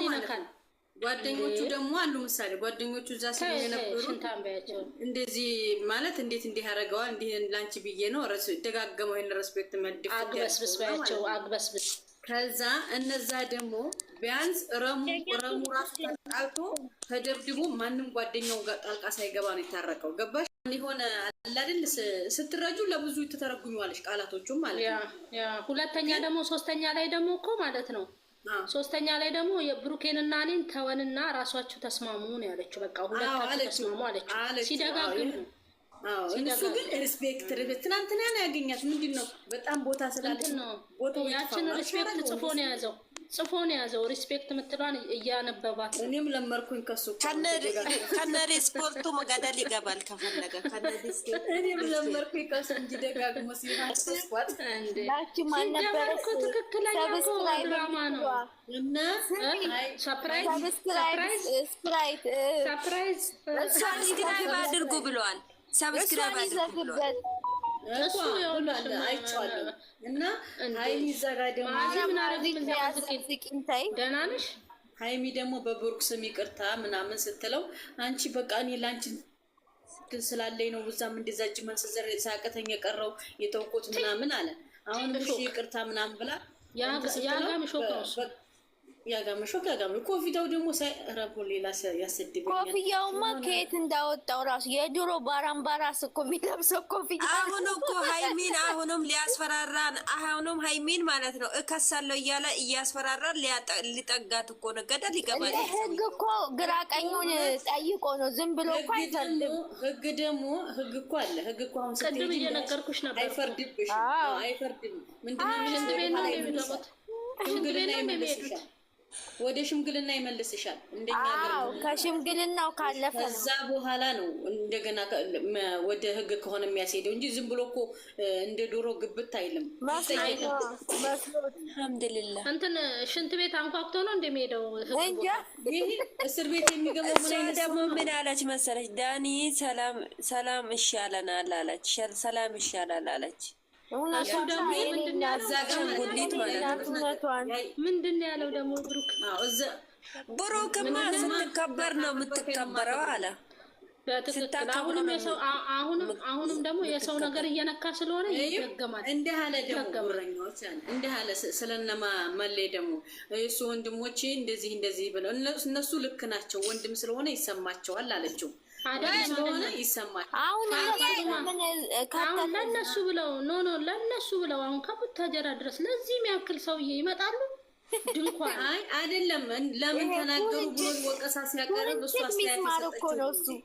እኛን ይነካል። ጓደኞቹ ደግሞ አሉ። ምሳሌ ጓደኞቹ እዛ ስለሆነ የነበሩ እንደዚህ ማለት እንዴት እንዲህ ያደረገዋል? እንዲህ ላንቺ ብዬ ነው ደጋገመው ይህን ሬስፔክት መልድፍ አግበስብስባቸው አግበስብስ ከዛ እነዛ ደግሞ ቢያንስ ረሙ ረሙ ራሱ ተጣልቶ ተደብድቦ ማንም ጓደኛው ጣልቃ ሳይገባ ነው የታረቀው። ገባሽ? የሆነ አይደል ስትረጁ ለብዙ ተተረጉሚዋለሽ ቃላቶቹም ማለት ነው። ሁለተኛ ደግሞ ሶስተኛ ላይ ደግሞ እኮ ማለት ነው ሶስተኛ ላይ ደግሞ የብሩኬንና እኔን ተወንና ራሷችሁ ተስማሙ ነው ያለችው። በቃ ሁለታችሁ ተስማሙ አለችው። ሲደጋግም እሱ ግን ሪስፔክት ርብት ትናንትና ያገኛት ምንድን ነው በጣም ቦታ ስላለ ነው ያችን ሪስፔክት ጽፎ ነው የያዘው። ጽፎን የያዘው። ሪስፔክት የምትለዋን እያነበባት እኔም ለመርኩኝ ከሱ ከነ ሪስፖርቱ መገደል ይገባል ከፈለገ እኔም ለመርኩኝ ከሱ እንዲደጋግሞ ሲሆንስዋትንደበርኩ ትክክለኛ ድራማ ነው ሰብስክራይብ አድርጉ ብለዋል። ሰብስክራይብ አድርጉ ብለዋል። እሱ ይሆናል አይቼዋለሁ እና ሀይሚ እዛ ጋ ደግሞ ደህና ነሽ? ሀይሚ ደግሞ በብሩክ ስም ይቅርታ ምናምን ስትለው አንቺ በቃ እኔ ለአንቺ እንትን ስላለኝ ነው ብዛም እንደዛ መንስዘር ሳቀተኝ የቀረው የተውኩት ምናምን አለ። አሁን ይቅርታ ምናምን ብላ ያ ሾክ ነው ያጋመሸው ከያጋመሸው ኮፍያው ደግሞ ሳይረቦ ሌላ ያሰድበኛል። ኮፍያውማ ከየት እንዳወጣው ራሱ የድሮ ባራምባራስ እኮ የሚለብሰው ኮፍያ። አሁን እኮ ሀይሚን አሁንም ሊያስፈራራን አሁንም ሀይሚን ማለት ነው እከሳለሁ እያለ እያስፈራራን ሊጠጋት እኮ ነው። ገደል ይገባል። ህግ እኮ ግራ ቀኙን ጠይቆ ነው ዝም ብሎ እኮ አይፈልም። ህግ ደግሞ ህግ እኮ አለ። ህግ እኮ አሁን ቅድም እየነገርኩሽ ነበር። አይፈርድብሽ አይፈርድም። ምንድን ነው ሽንት ቤት ነው የሚሄዱት ወደ ሽምግልና ይመልስሻል። እንደኛው ከሽምግልናው ካለፈ ከዛ በኋላ ነው እንደገና ወደ ህግ ከሆነ የሚያስሄደው እንጂ ዝም ብሎ እኮ እንደ ዶሮ ግብት አይልም። አልሐምዱሊላ እንትን ሽንት ቤት አንኳኩቶ ነው እንደሚሄደው እንጂ እስር ቤት የሚገባው ደግሞ ምን አለች መሰለች ዳኒ ሰላም ሰላም ይሻለናል አለች። ሰላም ይሻላል አለች ምንድን ነው ያለው ደግሞ ብሩክ? ብሩክማ ስትከበር ነው የምትከበረው አለ። አሁንም የሰው አሁንም ደግሞ የሰው ነገር እየነካ ስለሆነ ይደገማል። እንዲህ አለ ደግሞ እንዲህ አለ ስለነማ መሌ ደግሞ እሱ ወንድሞቼ እንደዚህ እንደዚህ ብለው እነሱ ልክ ናቸው ወንድም ስለሆነ ይሰማቸዋል አለችው። ስለሆነ አሁን ለነሱ ብለው ኖ ኖ ለእነሱ ብለው አሁን ከቡታጀራ ድረስ ለዚህ የሚያክል ሰውዬ ይመጣሉ። ድንኳን አይ አይደለም። ለምን ተናገሩ ብሎ ወቀሳ ሲያቀርብ እሱ አስተያየት ሰጠችው።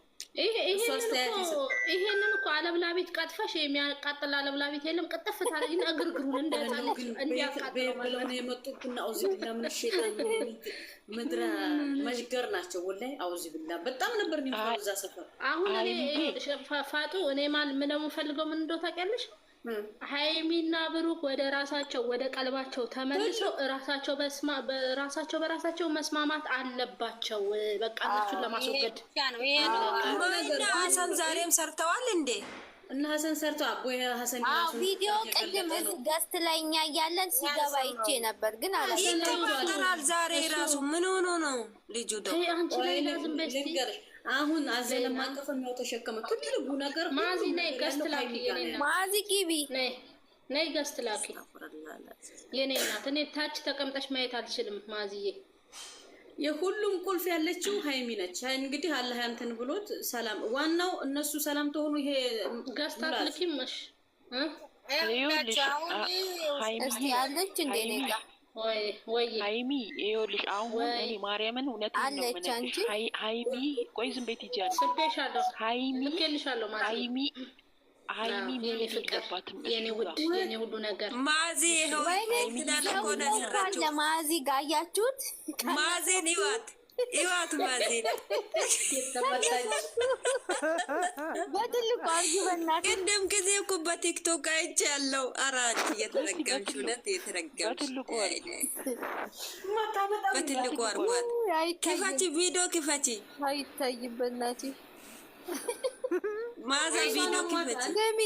ይሄንን እኮ አለብላ ቀጥፈሽ የሚያቃጥል አለብላ የለም። ቅጥፍ ታረጊና እግርግሩን እንዳያቃጥለን የመጡብና አውዚ ብላ ምን ሸጣን ምድረ መሽገር ናቸው። ወላሂ አውዚ ብላ በጣም ነበር እዛ ሰፈር። አሁን እኔ ፋጡ እኔ ማን ምንደምፈልገው ምን እንደው ታውቂያለሽ ሀይሚና ብሩክ ወደ ራሳቸው ወደ ቀልባቸው ተመልሰው ራሳቸው ራሳቸው በራሳቸው መስማማት አለባቸው። በቃ እነሱን ለማስወገድ ሀሰን ዛሬም ሰርተዋል እንዴ? እና ሀሰን ሰርቶ አቦ ሀሰን ቪዲዮ ቅድም ገስት ላይኛ እያለን ሲገባ ይቼ ነበር፣ ግን አለ ዛሬ ራሱ ምን ሆኖ ነው ልጁ ደ አንቺ ላይ ላዝም በስቲ አሁን አዘለም አቀፍ ነው ተሸከመ ትልቁ ነገር ማዚ ነይ ገስት ላኪ የኔና ማዚ ግቢ ነይ ነይ ገስት ላኪ የኔና እናት እኔ ታች ተቀምጠሽ ማየት አልችልም ማዚዬ የሁሉም ቁልፍ ያለችው ሀይሚ ነች እንግዲህ አላህ ያንተን ብሎት ሰላም ዋናው እነሱ ሰላም ተሆኑ ይሄ ገስታት ልኪ መሽ እ ያለች እንደኔ ጋር ሀይሚ ይኸውልሽ፣ አሁን እኔ ማርያምን እውነት ነው ሀይሚ፣ ቆይ ዝም ቤት ይጃል ሀይሚ ሀይሚ ሀይሚ መሄድ የለባትም። ማዚ ይኸው ማዚ ጋር አያችሁት ማዜን ይዋት ይዋት ማዜ በትልቁ አርጊ በእናትህ። ቅድም ጊዜ እኮ በቲክቶክ አይቼ ያለው አራት እየተረገምሽ እውነት እየተረገምሽ በትልቁ አርጓት። ክፈቺ ቪዲዮ ክፈቺ፣ አይታይም በእናትህ ማዛ ቪዲዮ ክፈቺ። ስሚ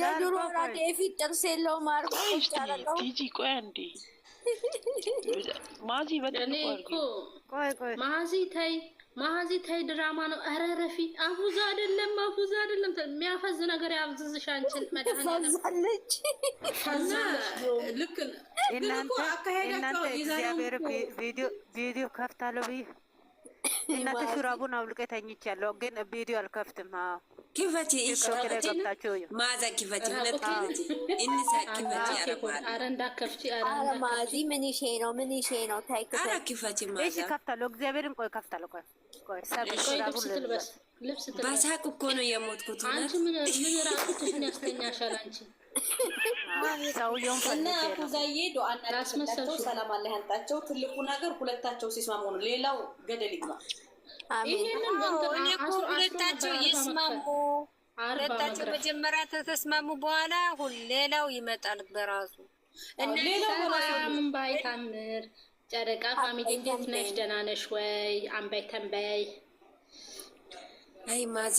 የድሮ ራቴ ፊት ጥርስ የለውም አርጎ ይጫረቀው ቆይ አንዴ ማዚ ማዚ ተይ ማዚ ተይ፣ ድራማ ነው። ኧረ ረፊ አፉዛ አይደለም አፉዛ አይደለም። የሚያፈዝ ነገር ያብዝዝሽ አንቺን መድኃኒዓለች። ልክ ነው። እናንተ እግዚአብሔር ቪዲዮ ከፍታለሁ ብዬ እናተ ሹራቡን አውልቄ ተኝቻለሁ፣ ግን ቪዲዮ አልከፍትም። ክፈቲ ማዛ እንሳ ምን ይሼ ነው ምን ይሼ ነው ክፈቲ ማዛ ከፍታለሁ። እግዚአብሔርን ቆይ ከፍታለሁ። ቆይ ቆይ በሳቅ እኮ ነው የሞትኩት። አንቺ ምን ራሱ ትሽን አንቺ እና አቡዛዬ ዶአና ላስመሰልኩ ሰላም አለ ያንጣቸው። ትልቁ ነገር ሁለታቸው ሲስማሙ ነው። ሌላው ገደል ይግባ። ሁለታቸው ይስማሙ። ሁለታቸው መጀመሪያ ተተስማሙ፣ በኋላ ሌላው ይመጣል በራሱ እና ምን ባይታምር ጨረቃ ፋሚሊ እንዴት ነሽ? ደህና ነሽ ወይ? አንበይ ተንበይ አይ ማዛ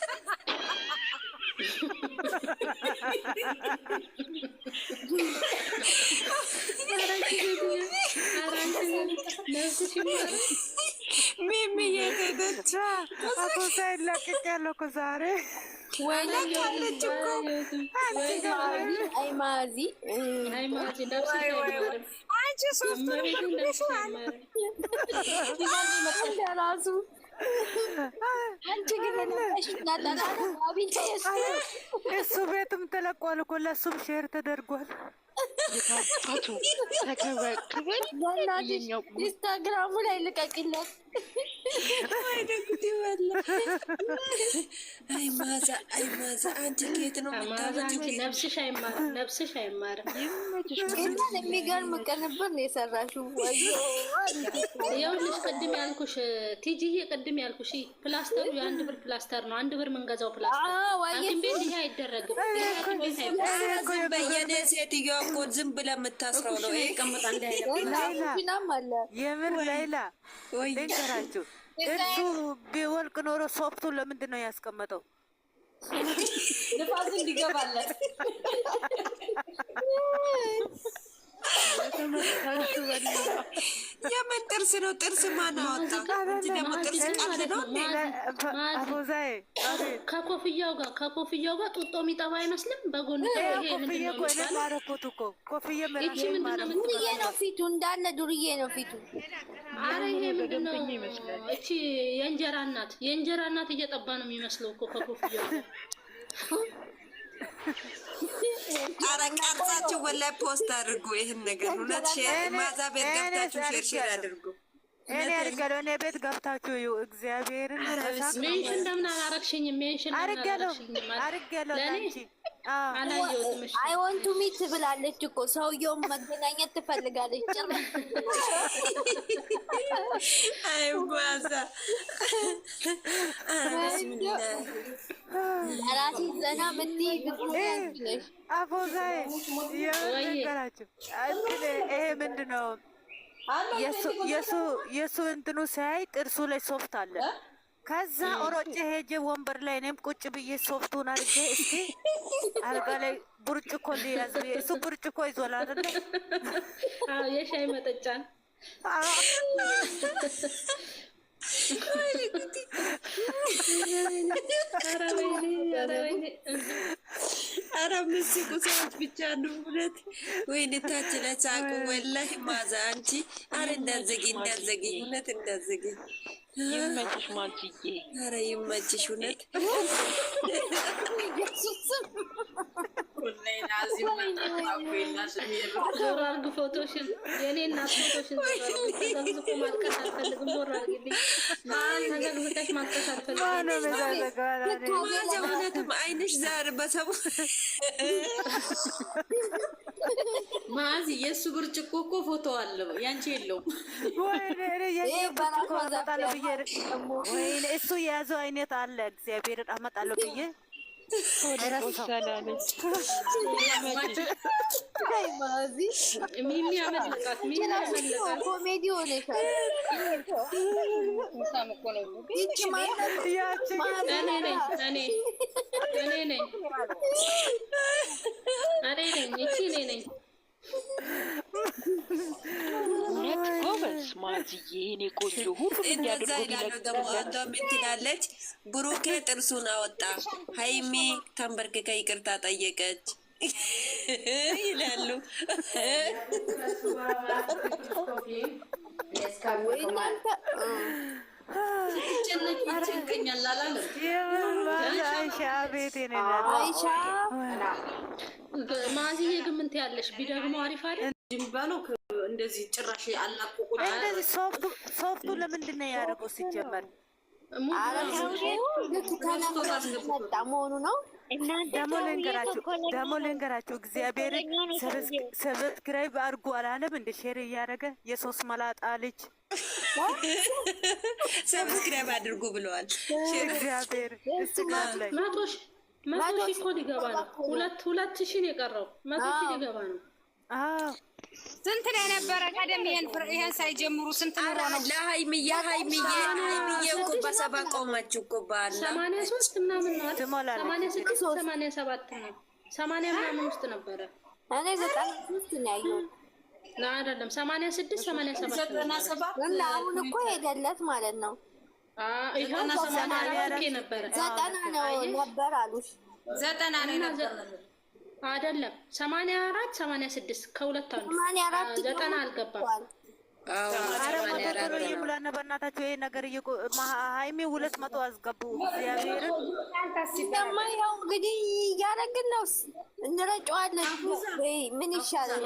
ሚሚ የሄደች አቶ ሳይን ላቅቅ ያለው እኮ ዛሬ ወይለካለች እኮ አይማዚ አንቺ ሶስቱ ራሱ አንቺ ግን እሱ ቤትም ተለቋል እኮ ለእሱም ሼር ተደርጓል። ኢንስታግራሙ ላይ ልቀቂለት። አይ ማዛ አንቺ ነው ነብስሽ አይማርም፣ ነብስሽ አይማርም። የሚገርም ነው የሰራሽው። ይኸውልሽ ቅድም ያልኩሽ ቲጂዬ፣ ቅድም ያልኩሽ ፕላስተሩ የአንድ ብር ፕላስተር ነው። አንድ ብር የምንገዛው ፕላስተር ይሄ አይደረግም። ሴትዮዋ እኮ ዝም ብለህ የምታስረው ነው። ይሄ እንዳይለ የምር ላይላ ልንገራችሁ፣ እሱ ቢወልቅ ኖሮ ሶፍቱን ለምንድን ነው ያስቀመጠው? ንፋስ እንዲገባለት የምን ጥርስ ነው? ጥርስ ማን አወጣ? ደግሞ ከኮፍያው ጋር ከኮፍያው ጋር ጡጦ የሚጠባ አይመስልም። በጎን ዱርዬ ነው ፊቱ እንዳለ ዱርዬ ነው ፊቱ። አረ ይሄ ምንድን ነው? እቺ የእንጀራ እናት የእንጀራ እናት እየጠባ ነው የሚመስለው እኮ ከኮፍያው ኧረ ቀርጻችሁ ወላሂ ፖስት አድርጉ ይህን ነገር እውነት ማዛ ቤት ገብታችሁ ሼር ሼር አድርጉ። እኔ አድርጌ እኔ ቤት ገብታችሁ እግዚአብሔርን ሜንሽን እንደምን አላረግሽኝም? ሜንሽን አይ ወንቱ ሚት ብላለች እኮ ሰውየውን መገናኘት ትፈልጋለች። ጭራራሲ ዘና ምን አፎዛዬ ይሄ ምንድን ነው? የእሱ እንትኑ ሳያይ ጥርሱ ላይ ሶፍት አለ። ከዛ ኦሮጬ ሄጄ ወንበር ላይ እኔም ቁጭ ብዬ ሶፍቱን አድርጌ እስኪ አልጋ ላይ ብርጭቆ ሊያዝ ብዬ እሱ ብርጭኮ ይዞላ አደለ የሻይ መጠጫን አረ ምስቁ ሰዎች ብቻ ነው። እውነት ወይኔ ታች ለሳቁ ወላሂ ማዛ አንቺ አረ እንዳዘጊ እንዳዘጊ እውነት እንዳዘጊ ይመችሽ ማልችዬ አረ ይመችሽ እውነት ማዚ የእሱ ብርጭቆ እኮ ፎቶ አለው ያንቺ የለውም። እሱ የያዘው አይነት አለ እግዚአብሔር አመጣለሁ ብዬ ኮሜዲ ሆነሻል። እኔ ነኝ እውነት ብሩኬ ጥርሱን አወጣ፣ ሀይሜ ተንበርክካ ይቅርታ ጠየቀች ይላሉ። ማዚዬ ግን ምን ቢደግሞ አሪፍ እንደዚህ ጭራሽ አላቆቁ እንደዚህ ሶፍቱ ለምንድን ነው ያደረገው ሲጀመር መሆኑ ነው። ደግሞ ልንገራችሁ ደግሞ ልንገራችሁ እግዚአብሔርን ሰብስክራይብ አድርጎ አላለም እንደ ሼር እያደረገ የሶስት መላጣ ልጅ ሰብስክራይብ አድርጉ ብለዋል። መቶ ሺህ እኮ ሊገባ ነው። ሁለት ሺህ የቀረው መቶ ሺህ ሊገባ ነው። ስንት ላይ ነበረ? ቀደም ይሄን ሳይጀምሩ ስንት ኑሮ ነው? ለሀይምዬ ሀይምዬ ሀይምዬ እኮ በሰባ ቆመች እኮ ባለ ሰማንያ ሶስት ምናምን ነው ሰማንያ ስድስት ሰማንያ ሰባት ነው ሰማንያ ምናምን ውስጥ ነበረ እኔ ዘጠና ሶስት ነው ያየሁት አይደለም ሰማንያ ስድስት ሰማንያ ሰባት እና አሁን እኮ ሄደለት ማለት ነው። ነበረ ዘጠና ነው ነበር አሉሽ። ዘጠና ነው አይደለም ሰማንያ አራት ሰማንያ ስድስት ከሁለት አሉ። ዘጠና አልገባም። በእናታቸው ይሄ ነገር ሀይሜ ሁለት መቶ አስገቡ። እንግዲህ እያደረግን ነው፣ እንረጨዋለን። ምን ይሻላል?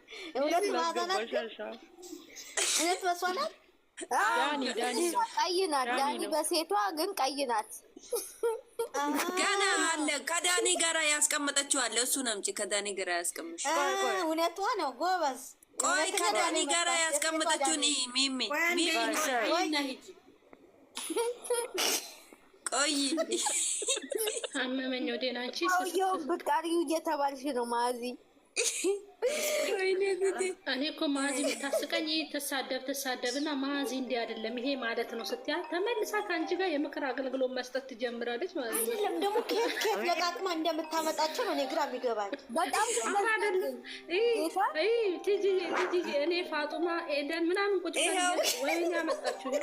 እውነት መስዋናት ቀይ ናት። ዳኒ በሴቷ ግን ቀይ ናት። ገና አለ ከዳኒ ጋራ ያስቀመጠችው አለ። እሱን አምጪ። ከዳኒ ጋራ ያስቀምጥሽ። እውነቷ ነው ጎበዝ። ቆይ ከዳኒ ጋራ ያስቀመጠችው ሚሚ ቆይ አመመኝ ወደ ናንቺ እየተባልሽ ነው ማዚ እኔ እኮ መሀዚ ብታስቀኝ ትሳደብ ትሳደብና ማዚ እንዲህ አይደለም ይሄ ማለት ነው ስትያል ተመልሳ ከአንቺ ጋር የምክር አገልግሎት መስጠት ትጀምራለች ማለት ነው። አይደለም ደግሞ ኬፍ ኬፍ ለቃቅማ እንደምታመጣቸው ነው። እኔ ግራ የሚገባኝ በጣም እኔ ፋጡማ ኤደን ምናምን ቁጭ ወይ ያመጣችሁ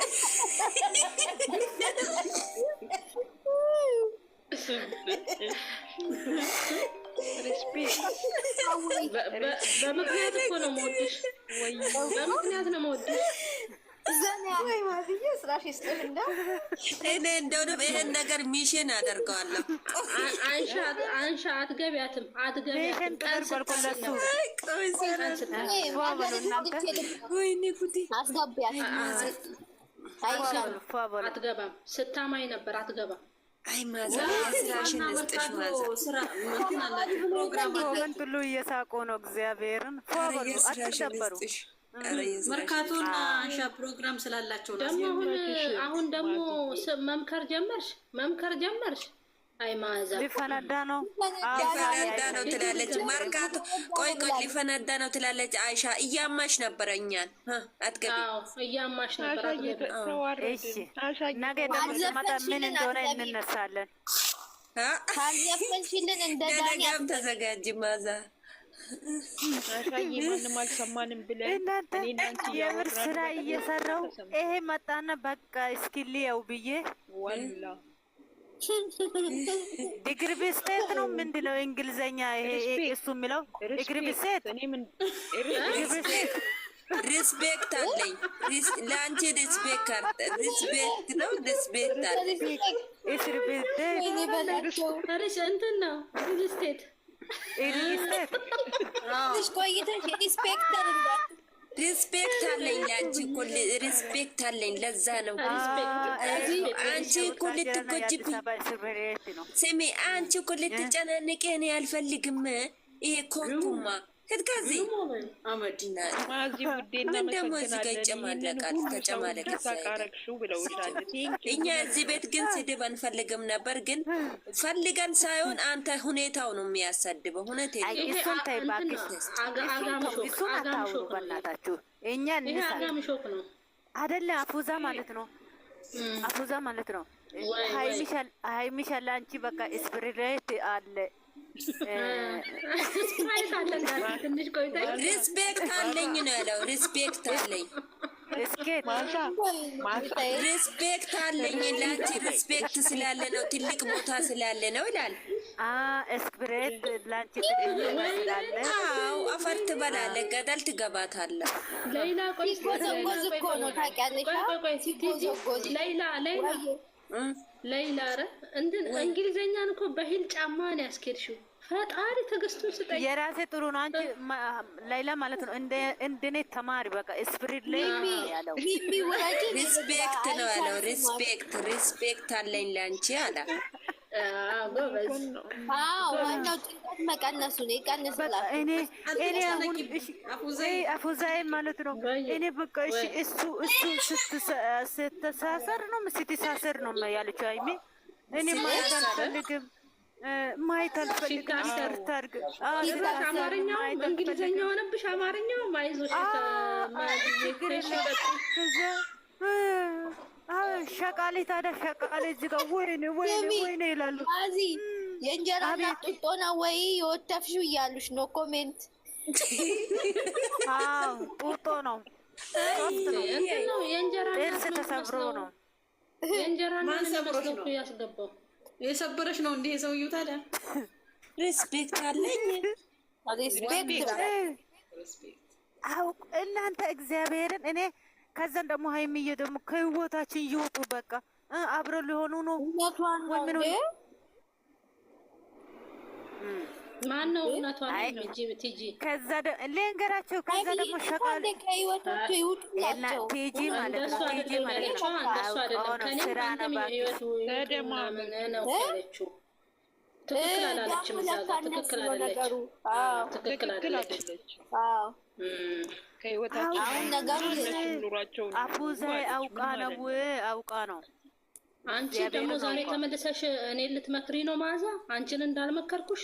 በምክንያት እኮ ነው የምወድሽ፣ በምክንያት ነው የምወድሽ። እኔ እንደውም ይሄን ነገር ሚሽን አደርገዋለሁ። አንሻ አትገቢያትም፣ አትገቢያትም። አትገባም። ስታማኝ ነበር አትገባም አይ ማዛሽንስጥሽማዛምን ብሉ እየሳቁ ነው። እግዚአብሔርን አትሸበሩ። መርካቶና አንሻ ፕሮግራም ስላላቸው ነው። አሁን ደግሞ መምከር ጀመርሽ፣ መምከር ጀመርሽ። ሊፈነዳ ነው ሊፈነዳ ነው ትላለች። ማርካቶ ቆይ ቆይ ሊፈነዳ ነው ትላለች። አይሻ እያማሽ ነበረ፣ እኛን አትገቢ ተዘጋጅ ማዛ እናንተ የምር ስራ እየሰራው ይሄ መጣና በቃ እስኪልየው ብዬ እግር ብስቴት ነው ምንድን ነው እንግሊዘኛ? እሱ የሚለው እግር ብስቴት ሪስፔክት አለኝ ለአንቺ ሪስፔክት ሪስፔክት ነው ሪስፔክት አለኝ። እንትን ነው ሪስፔክት ሪስፔክት ቆይተሽ ሪስፔክት ሪስፔክት አለኝ። አንቺ እኮ ሪስፔክት አለኝ። ለዛ ነው አንቺ እኮ ልትጎጂብኝ። ስሚ አንቺ እኮ ልትጨናነቂ እኔ አልፈልግም። ይሄ ኮንቱማ እኛ እዚህ ቤት ግን ስድብ አንፈልግም ነበር፣ ግን ፈልገን ሳይሆን አንተ ሁኔታው ነው የሚያሳድበው። ሁኔታ እሱን ተይ እባክሽ፣ እሱን አታውሩ በእናታችሁ። እኛ አደለ አፉዛ ማለት ነው፣ አፉዛ ማለት ነው። ሀይሚሻ አንቺ በቃ ስፕሪት አለ ሪስፔክት አለኝ ነው ያለው። ሪስፔክት አለኝ ሪስፔክት አለኝ ለአንቺ ሪስፔክት ስላለ ነው ትልቅ ቦታ ስላለ ነው ይላል። አዎ፣ አፈር ገደል ሌላ እንግሊዘኛን እኮ በሂል ጫማ ነው ያስኬድሽው ፈጣሪ ትዕግስቱን ስጠኝ። የራሴ ጥሩ ነው። አንቺ ላይላ ማለት ነው እንደኔ ተማሪ በቃ ላይ ሪስፔክት ነው ያለው። ሪስፔክት ሪስፔክት አለኝ ለአንቺ አለ። ስትሳሰር ነው ስትሳሰር ነው ያለችው አይሜ እኔ ማለት አልፈልግም ማየት አልፈልግም። ታርግ አማርኛው እንግሊዝኛ ሆነብሽ። አማርኛው ማይዞሽ ሸቃሌት አዳ ሸቃሌት እዚህ ጋር ወይኔ ወይኔ ወይኔ ይላሉ። እዚህ የእንጀራ ጡጦ ነው ወይ የወተፍሽው እያሉሽ ነው። ኮሜንት አዎ ጡጦ ነው ነው የእንጀራ ጥርስ ተሰብሮ ነው የእንጀራ ያስገባው የሰበረሽ ነው እንዴ የሰውዬው? ታዲያ ሪስፔክት አለኝ። እናንተ እግዚአብሔርን እኔ ከዛን ደግሞ ሀይሚዬ ደግሞ ከህይወታችን ይወጡ በቃ አብረው ሊሆኑ ነው። ማን ነው እናቷ? ከዛ ደግሞ ነው። አውቃ ነው አውቃ ነው። አንቺ ደግሞ ዛሬ ተመልሰሽ እኔ ልትመክሪ ነው ማዛ አንቺን እንዳልመከርኩሽ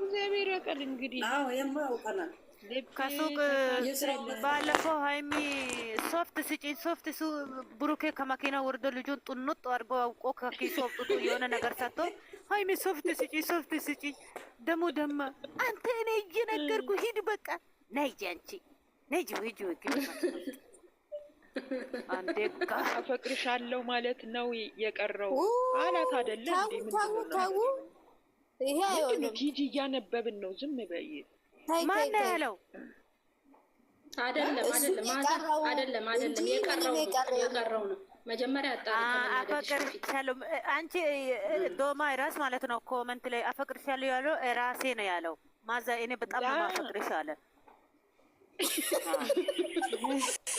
እግዚአብሔር ያውቃል። እንግዲህ አዎ ከሱቅ ባለፈው ሀይሚ ሶፍት ስጪኝ ሶፍት ሱ ብሩኬ ከመኪና ወርዶ ልጁን ጥኑጥ አድርጎ አውቆ ከኪሱ አውጥቶ የሆነ ነገር ሰጥቶ ሀይሚ ሶፍት ስጪኝ ሶፍት ስጪኝ ደሞ ደማ አንተ እኔ እየነገርኩ ሂድ በቃ ነይ አንቺ ነይ ሂጂ አንዴ አፈቅርሻለሁ ማለት ነው የቀረው አላት አይደለም። ይሄ አይሆንም። ሂጂ እያነበብን ነው። ዝም በይ። ማን ያለው? የቀረው ነው። መጀመሪያ አንቺ ዶማ ራስ ማለት ነው። ኮመንት ላይ አፈቅርሻለሁ ያለው ራሴ ነው ያለው። ማዛ እኔ በጣም አፈቅርሻለሁ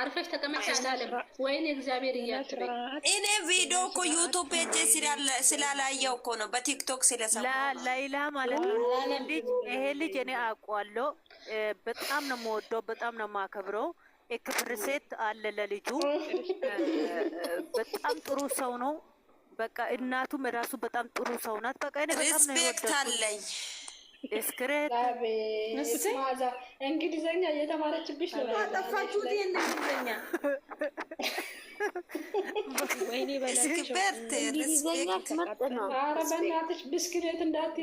አርፈሽ ተቀመጭ አላለም። ወይኔ እግዚአብሔር እያልኩ እኔ ቪዲዮ እኮ ዩቱብ ፔጅ ስላላየው እኮ ነው፣ በቲክቶክ ስለሰማ ላይላ ማለት ነው። ይሄ ልጅ እኔ አውቀዋለሁ። በጣም ነው የምወደው፣ በጣም ነው የማከብረው። የክብር ሴት አለ ለልጁ። በጣም ጥሩ ሰው ነው። በቃ እናቱም ራሱ በጣም ጥሩ ሰው ናት። በቃ እኔ በጣም ሪስፔክት አለኝ። ስክሬት እንግሊዘኛ እየተማረችብሽ ነው። አጠፋችሁት እንግሊዘኛ። በእናትሽ ብስክሌት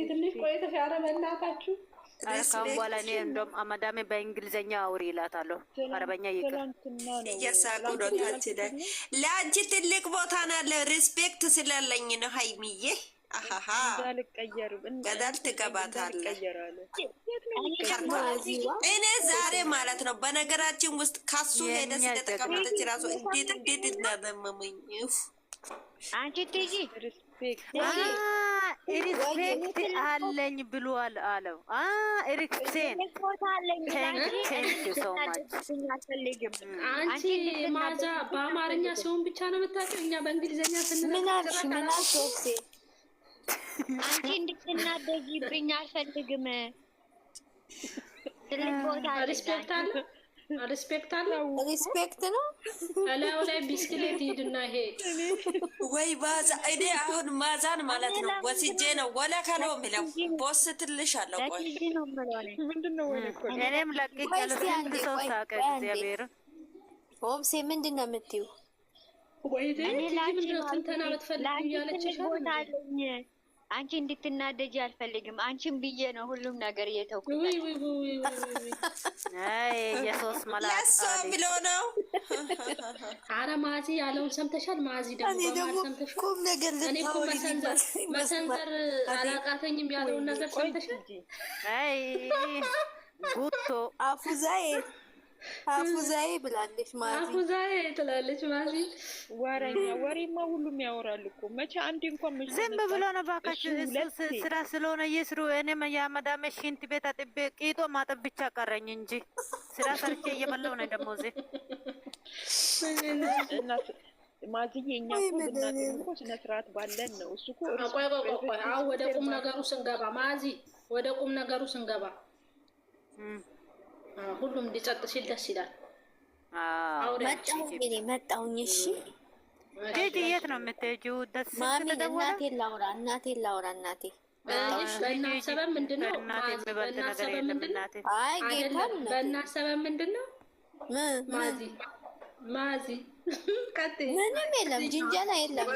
ትንሽ ቆይተሽ። በእናታችሁ በኋላ እኔ እንደውም አመዳሜ በእንግሊዘኛ አውሪ አረበኛ እየሳቁ ነው። ታች ለአንቺ ትልቅ ቦታ ናለ። ሪስፔክት ስላለኝ ነው ሀይሚዬ ገደል ትገባታለህ። እኔ ዛሬ ማለት ነው በነገራችን ውስጥ ካሱ ሄደ ስለተቀመጠች ራሱ እንዴት እንዴት እንዳመመኝ አንቺ ትጂ ሪስፔክት አለኝ ብሏል አለው። ሪክሴን አንቺ ማዛ በአማርኛ ሲሆን ብቻ ነው የምታውቂው። እኛ በእንግሊዝኛ ስንል አንቺ እንድትናደጂብኝ አልፈልግም። ትልቅ ሪስፔክት ነው። ላይ ቢስክሌት ሂድና ወይ እኔ አሁን ማዛን ማለት ነው ወስጄ ነው ወለ የሚለው ቦስ ትልሽ አለው እኔም ምንድን ነው የምትይው? ወይ ትንተና እያለችሽ ቦታ አለኝ አንቺ እንድትናደጅ አልፈልግም። አንቺን ብዬ ነው ሁሉም ነገር እየተውኩት። የሶስት መላእሷ ብሎ ነው። አረ ማዚ ያለውን ሰምተሻል? ማዚ ደግሞ ቁም ነገር መሰንዘር አላቃተኝም ያለውን ነገር ሰምተሻል? ጉቶ አፉዛዬ አፉዛዬ ብላለች ማለት አፉዛዬ ትላለች ማለት ወሬኛ ወሬማ ሁሉም ያወራል እኮ መቼ አንዴ እንኳን ዝም ብሎ ነው እባካችሁ። ስራ ስለሆነ እየስሩ እኔም የመዳሜ ሽንት ቤት አጥቤ ቂጦ ማጠብ ብቻ ቀረኝ እንጂ ስራ ሰርቼ እየበላሁ ነው። ደግሞ ማዝዬ እኛ እኮ ስነ ስርዓት ባለን ነው። እሱ እኮ ቆይ ቆይ ቆይ፣ አሁን ወደ ቁም ነገሩ ስንገባ ማዚ፣ ወደ ቁም ነገሩ ስንገባ ሁሉም እንዲጸጥ ሲል ደስ ይላል። መጣሁኝ መጣሁኝ። እሺ ቴዲ የት ነው የምትሄጂው? ደስ ማሚ እናቴን ላውራ እናቴን ላውራ እናቴ በእናት ሰበብ ምንድን ነው ማዚ ማዚ ምንም የለም ጅንጀላ የለም።